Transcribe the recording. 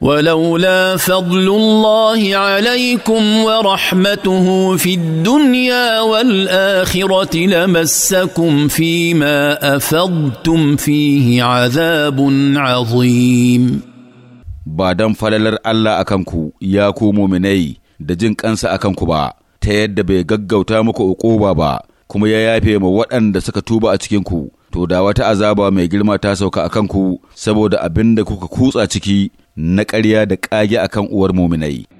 ولولا فضل الله wa ورحمته في الدنيا والاخره لمسكم فيما افضتم فيه عذاب عظيم ba don falalar Allah a kanku ya ku muminai da jin ƙansa a kanku ba ta yadda bai gaggauta muku uquba ba kuma ya yafe ma waɗanda suka tuba a cikinku to da wata azaba mai girma ta sauka a kanku saboda abin da kuka kutsa ciki na ƙarya da ƙage akan uwar muminai.